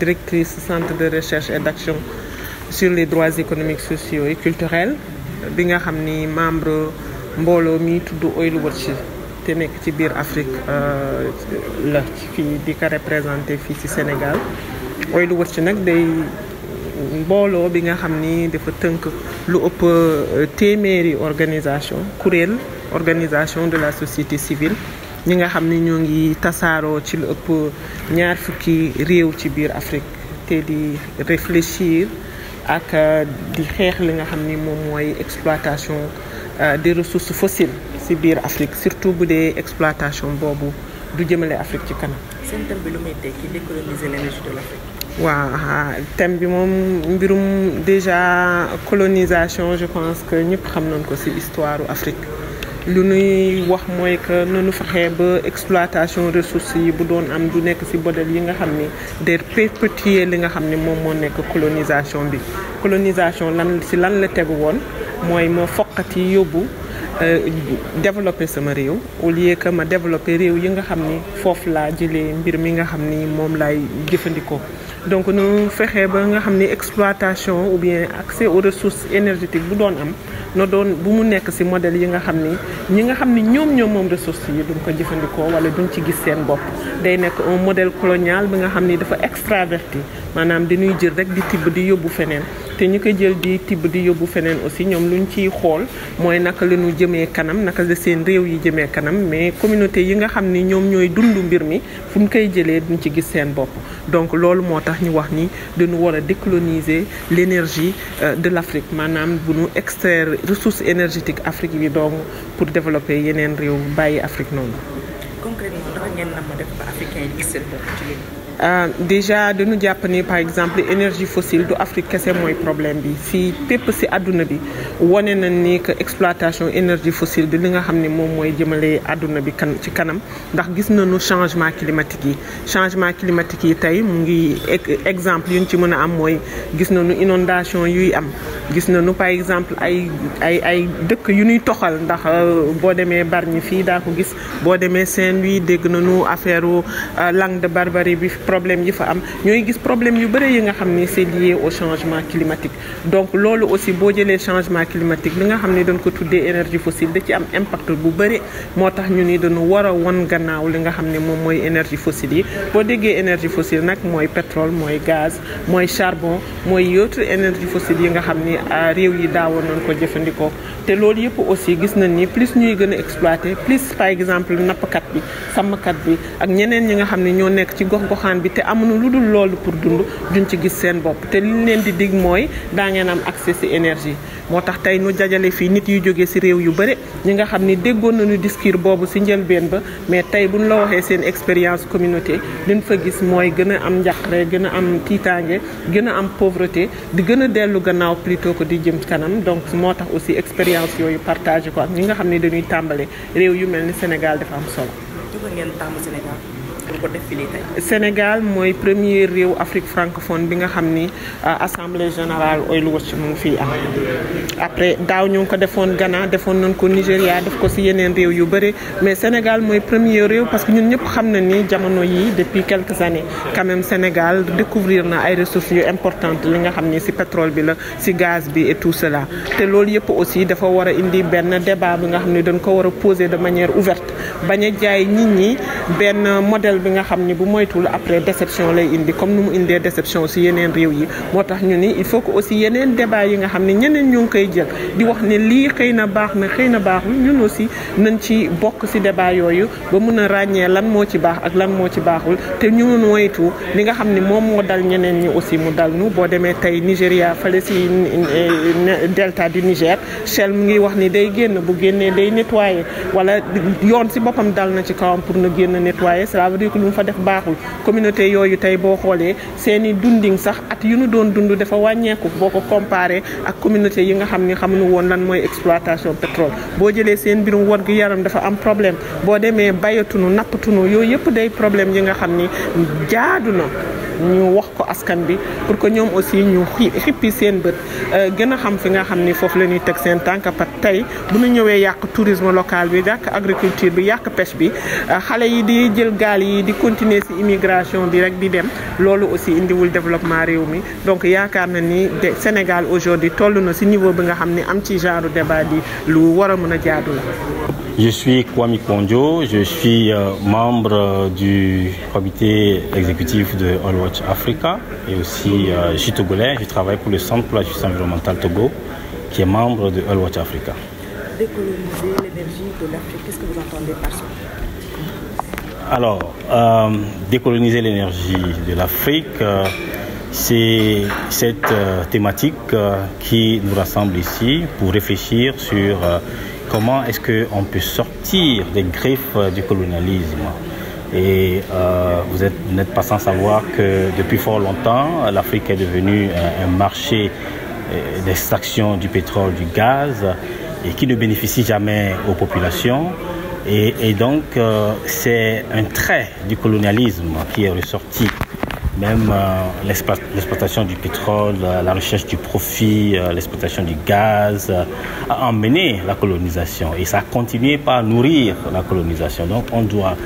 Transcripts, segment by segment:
directrice centre de recherche et d'action sur les droits économiques sociaux et culturels bi nga xam ni membre mbooloo mi tudd Oil Watch te nekk ci biir Afrique euh, la fii di ko représenté fii ci Sénégal Oil Watch nag day mbooloo bi nga xam ni dafa tënk lu ëpp euh, téeméeri organisation kuréel organisation de la société civile ñi nga xam ne ñoo ngi tasaaroo ci lu ëpp ñaar fukki réew ci biir Afrique te di réfléchir ak euh, di xeex li nga xam ni moom mooy exploitation euh, des ressources fossiles ci biir Afrique surtout bu dee exploitation boobu du jëmale Afrique ci kanam. seen thème bi lu muy tekki décoloniser l'énergie de l'Afrique. waaw bi moom mbirum déjà colonisation je pense que ñëpp xam nañ ko ci histoire Afrique. li nuy wax mooy que nanu fexee ba exploitation ressources yi bu doon am du nekk ci modèle yi nga xam ni de perpétuer li nga xam ni moom moo nekk colonisation bi colonisation lan ci lan la tegu woon mooy ma foqati yóbbu euh, développer sama réew au lieu que ma développer réew yi nga xam ni foofu laa jëlee mbir mi nga xam ni moom laay jëfandikoo donc nu fexe ba nga xam ni exploitation ou bien accès aux ressources énergétiques bu doon am na doon bu mu nekk ci modèle yi nga xam ni ñi nga xam ni ñoom ñoom moom ressources du duñ ko jëfandikoo wala duñ ci gis seen bopp day nekk un modèle colonial bi nga xam ni dafa extraverti maanaam dañuy jël rek di tibb di yóbbu feneen te ñi koy jël di tibb di yóbbu feneen aussi ñoom luñ ciy xool mooy naka la ñu jëmee kanam naka la seen réew yi jëmee kanam mais communauté yi nga xam ni ñoom ñooy dund mbir mi fu ñu koy jëlee duñ ci gis seen bopp. donc loolu moo tax ñu wax ni danu war a décoloniser l' énergie euh, de l' maanaam bu ñu extraire ressources énergétiques Afrique yi donc pour développer yeneen réew bàyyi Afrique noonu. Euh, déjà dañu jàpp ni par exemple énergie fossile du Afrique kese mooy problème bi si pépp si adduna bi wane na ni que exploitation énergie fossile di li nga xam ne moom mooy jëmale àdduna bi kan ci kanam ndax gis na nañu changement climatique yi changement climatique yi tey mu ngi exemple yu ñu ci mën a am mooy gis na nu inondation yuy am gis na nu par exemple ay ay ay dëkk yu ñuy toxal ndax euh, boo demee Bargny fii daa ko gis boo demee Saint-Louis dégg nañu affaire euh, langue de bi problème yi fa am ñooy gis problème yu bëri yi nga xam ni c'est lié au changement climatique donc loolu aussi boo jëlee changement climatique li nga xam ni dañ ko tuddee énergie fossile da ci am impact bu bëri moo tax ñu ni dañu war a won gannaaw li nga xam ne moom mooy énergie fossile yi boo déggee énergie fossile nag mooy pétrole mooy gaz mooy charbon mooy autre énergie fossile yi nga xam ni ah, réew yi daawoon nañ ko jëfandikoo te loolu yëpp aussi gis nañ ni plus ñuy gën a plus exemple nappkat bi sàmmkat bi ak ñeneen bi te na lu dul loolu pour dund duñ ci gis seen bopp te lu leen di dig mooy daa ngeen am accès si énergie moo tax tey nu jajale fii nit yu jógee si réew yu bëri ñi nga xam ni déggoon nañu diskiir boobu si njëlbeen ba mais tey buñ la waxee seen expérience communauté liñ fa gis mooy gën a am njaqare gën a am tiitaange gën a am pauvreté di gën a dellu gannaaw plutôt ko di jëm kanam donc moo tax aussi expérience yooyu partagé ko am ñi nga xam ne dañuy tàmbale réew yu mel ni Sénégal dafa am solo. ngeen pour ko def fii tey. Sénégal mooy premier réew Afrique francophone bi nga xam ni euh, assemblée générale Oil Watch mu ngi fii am après daaw ñu ngi ko defoon Ghana defoon nañ ko Nigéria def ko si yeneen réew yu bëri mais Sénégal mooy premier réew parce que ñun ñëpp xam na ni jamono yi depuis quelques années quand même Sénégal découvrir na ay ressources yu importantes li nga xam ni si pétrole bi la si gaz bi et tout cela te loolu yëpp aussi dafa war a indi benn débat bi nga xam ni dañ ko war a poser de manière ouverte bi nga xam ni bu moytul après déception lay indi comme nu mu indee déception si yeneen réew yi moo tax ñu ni il faut que aussi yeneen débat yi nga xam ne ñeneen ñu ngi koy jël di wax ne lii xëy na baax na xëy na baaxul ñun aussi nañ ci bokk si débat yooyu ba mun a ràññee lan moo ci baax ak lan moo ci baaxul te ñu mun moytu li nga xam ni moom moo dal ñeneen ñi aussi mu dal nu boo demee tey Nigéria fale si eh, delta du Niger Shell mu ngi wax ni day génn bu génnee day nettoyer wala yoon si boppam dal na ci kawam pour na génn lu mu fa def baaxul communauté yooyu tey boo xoolee seen i dundin sax at yu nu doon dund dafa wàññeeku boo ko comparé ak communauté yi nga xam ni xamuñu woon lan mooy exploitation pétrole boo jëlee seen mbirum wor gu yaram dafa am problème boo demee bayatunu nappatunu yooyu yëpp day problème yi nga xam ni jaadu ñu wax ko askan bi pour que ñoom aussi ñu xii xippi seen bët euh, gën a xam fi nga xam ni foofu la ñuy teg seen tànk pat tey bu ñu ñëwee yàq tourisme local bi yàq agriculture bi yàq pêche bi euh, xale yi di jël gaal yi di continuer ci immigration bi rek di dem loolu aussi indiwul développement réew mi donc yaakaar na ni Sénégal aujourd'hui toll na ci niveau bi nga xam ni am ci genre débat di lu war a mën a jaadu la Je suis Kwame Kondjo, je suis euh, membre du comité exécutif de All Watch Africa et aussi euh, je suis je travaille pour le Centre pour la justice Togo qui est membre de All Watch Africa. Alors, euh, décoloniser l'énergie de l'Afrique, euh, c'est cette euh, thématique qui nous rassemble ici pour réfléchir sur comment est-ce qu'on peut sortir des griffes du colonialisme et euh, vous n'êtes pas sans savoir que depuis fort longtemps, l'Afrique est devenue un, un marché euh, d'extraction du pétrole, du gaz, et qui ne bénéficie jamais aux populations. Et, et donc, euh, c'est un trait du colonialisme qui est ressorti même euh, l'exploitation du pétrole, euh, la recherche du profit, euh, l'exploitation du gaz, a emmené la colonisation et ça a continué par nourrir la colonisation. Donc on doit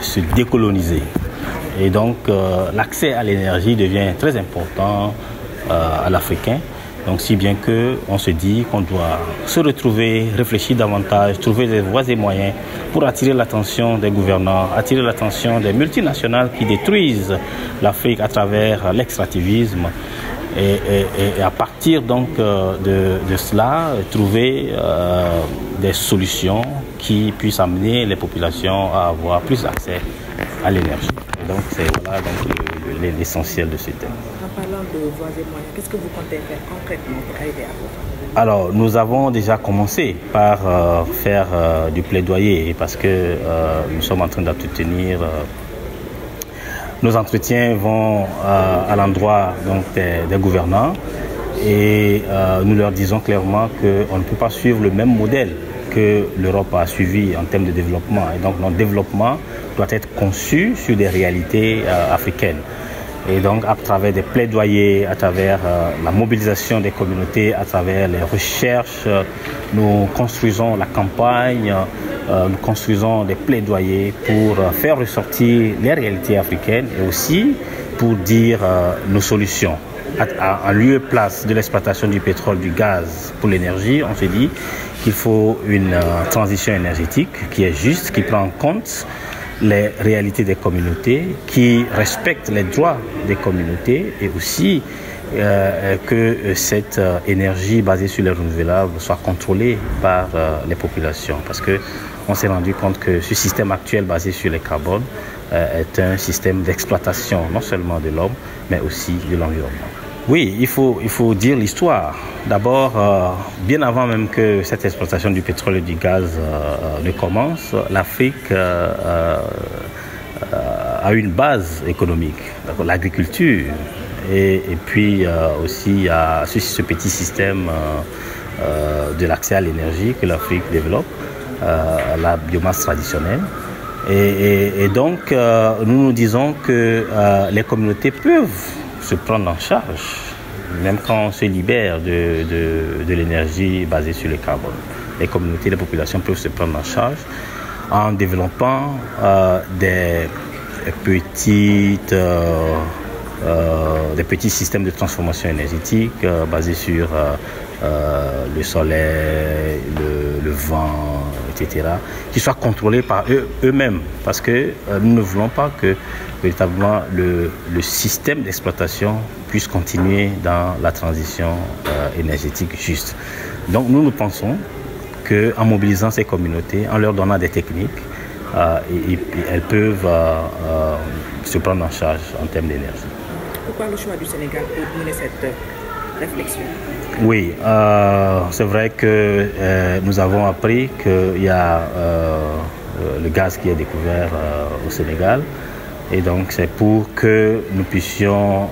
se décoloniser. Et donc l'accès à l'énergie devient très important à l'Africain. Donc si bien que on se dit qu'on doit se retrouver, réfléchir davantage, trouver des voies et moyens pour attirer l'attention des gouvernants, attirer l'attention des multinationales qui détruisent l'Afrique à travers l'extractivisme. Et, et, et, à partir donc euh, de, de cela, trouver euh, des solutions qui puissent amener les populations à avoir plus accès à l'énergie. Donc c'est voilà l'essentiel le, de ce thème. parlant de voies et moyens, quest nous avons déjà commencé par euh, faire euh, du plaidoyer parce que euh, nous sommes en train d'entretenir. Euh, nos entretiens vont à l'endroit donc des, gouvernants et nous leur disons clairement qu'on ne peut pas suivre le même modèle que l'Europe a suivi en termes de développement. Et donc notre développement doit être conçu sur des réalités africaines. Et donc, à travers des plaidoyers, à travers euh, la mobilisation des communautés, à travers les recherches, euh, nous construisons la campagne, euh, nous construisons des plaidoyers pour euh, faire ressortir les réalités africaines et aussi pour dire euh, nos solutions. En lieu place de l'exploitation du pétrole, du gaz pour l'énergie, on se dit qu'il faut une euh, transition énergétique qui est juste, qui prend en compte les réalités des communautés, qui respecte les droits des communautés et aussi euh, que euh, cette euh, énergie basée sur les renouvelables soit contrôlée par euh, les populations. Parce que on s'est rendu compte que ce système actuel basé sur les carbones euh, est un système d'exploitation non seulement de l'homme, mais aussi de l'environnement. Oui, il faut, il faut dire l'histoire. D'abord, euh, bien avant même que cette exploitation du pétrole et du gaz euh, euh ne commence, l'Afrique euh, euh, a une base économique, l'agriculture, et, et, puis euh, aussi à ce, ce, petit système de l'accès à l'énergie que l'Afrique développe, la biomasse traditionnelle. Et, et, et donc, nous nous disons que les communautés peuvent se prendre en charge, même quand on se libère de, l'énergie basée sur le carbone. Les communautés, les populations peuvent se prendre en charge en développant euh, des, petites, euh, euh, petits systèmes de transformation énergétique euh, basés sur euh, euh, le soleil, le vent, etc., qui soient contrôlés par eux-mêmes. Eux parce que euh, nous ne voulons pas que véritablement le, le système d'exploitation puisse continuer dans la transition euh, énergétique juste. Donc nous, nous pensons qu'en mobilisant ces communautés, en leur donnant des techniques, euh, et, et elles peuvent euh, euh, se prendre en charge en termes d'énergie. Pourquoi le choix du Sénégal pour mener cette réflexion Oui, euh, c'est vrai que euh, nous avons appris qu'il y a euh, euh, le gaz qui est découvert euh, au Sénégal. Et donc c'est pour que nous puissions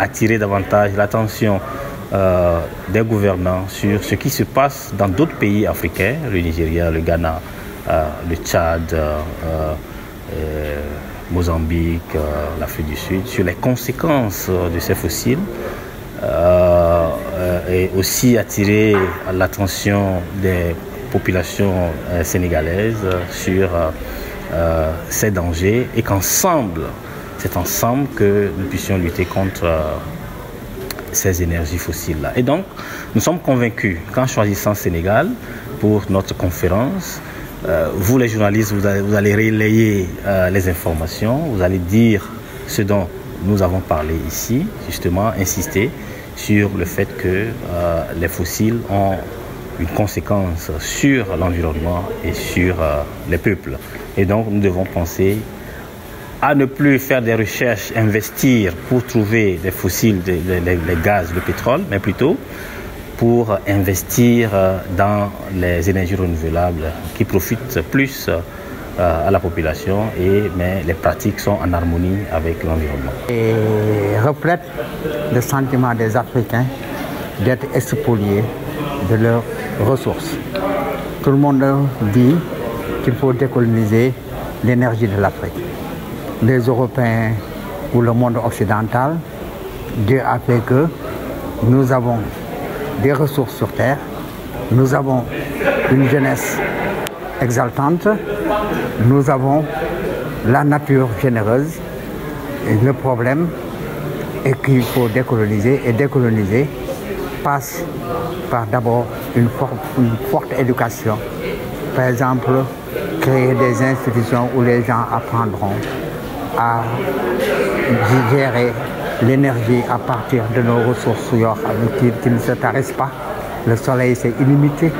attirer davantage l'attention des gouvernants sur ce qui se passe dans d'autres pays africains, le Nigeria, le Ghana, le Tchad. Mozambique, l'Afrique du Sud, sur les conséquences de ces fossiles. est aussi attiré l'attention des populations euh, sénégalaises sur euh, euh, ces dangers et qu'ensemble, c'est ensemble que nous puissions lutter contre ces énergies fossiles-là. Et donc, nous sommes convaincus qu'en choisissant Sénégal pour notre conférence, euh, vous les journalistes, vous allez, vous allez relayer euh, les informations, vous allez dire ce dont nous avons parlé ici, justement, insister sur le fait que euh, les fossiles ont une conséquence sur l'environnement et sur euh, les peuples. Et donc nous devons penser à ne plus faire des recherches, investir pour trouver des fossiles, les, les, les gaz, le pétrole, mais plutôt pour investir euh, dans les énergies renouvelables qui profitent plus Euh, à la population, et, mais les pratiques sont en harmonie avec l'environnement. Et reflète le sentiment des Africains d'être expoliés de leurs ressources. Tout le monde dit qu'il faut décoloniser l'énergie de l'Afrique. Les Européens ou le monde occidental, Dieu a fait que nous avons des ressources sur Terre, nous avons une jeunesse exaltante, nous avons la nature généreuse. Et le problème est qu'il faut décoloniser et décoloniser passe par d'abord une, for une, forte éducation. Par exemple, créer des institutions où les gens apprendront à digérer l'énergie à partir de nos ressources qui, qui ne se tarissent pas. Le soleil, c'est illimité.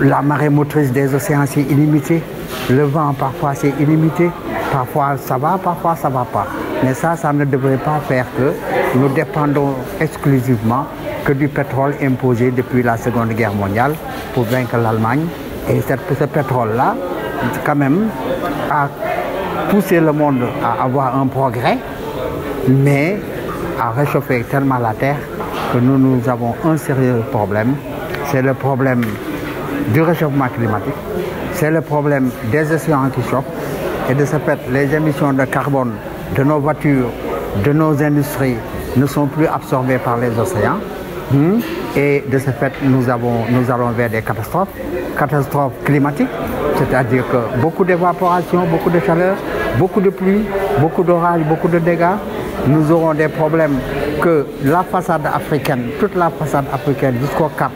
la marée motrice des océans, c'est illimité. Le vent, parfois, c'est illimité. Parfois, ça va, parfois, ça ne va pas. Mais ça, ça ne devrait pas faire que nous dépendons exclusivement que du pétrole imposé depuis la Seconde Guerre mondiale pour vaincre l'Allemagne. Et ce pétrole-là, quand même, a poussé le monde à avoir un progrès, mais a réchauffé tellement la Terre que nous, nous avons un sérieux problème. C'est le problème du réchauffement climatique, c'est le problème des océans qui chauffent et de ce fait les émissions de carbone de nos voitures, de nos industries ne sont plus absorbées par les océans. Mmh. Et de ce fait, nous, avons, nous des catastrophes, climatiques, c'est-à-dire que beaucoup d'évaporation, beaucoup de chaleur, beaucoup de pluie, beaucoup d'orages, beaucoup de dégâts. Nous aurons des problèmes que la façade africaine, toute la façade africaine jusqu'au Cap,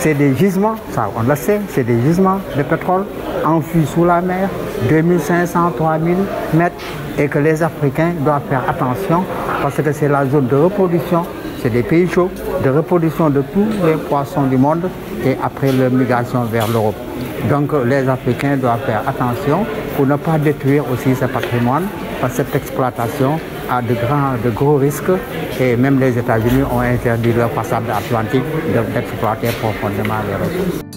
c'est des gisements, ça on le sait, c'est des gisements de pétrole enfouis sous la mer, 2500, 3000 mètres, et que les Africains doivent faire attention parce que c'est la zone de reproduction, c'est des pays chauds, de reproduction de tous les poissons du monde et après leur migration vers l'Europe. Donc les Africains doivent faire attention pour ne pas détruire aussi ce patrimoine par cette exploitation à de grands, de gros risques et même les États-Unis ont interdit leur passage atlantique d'exploiter profondément les ressources.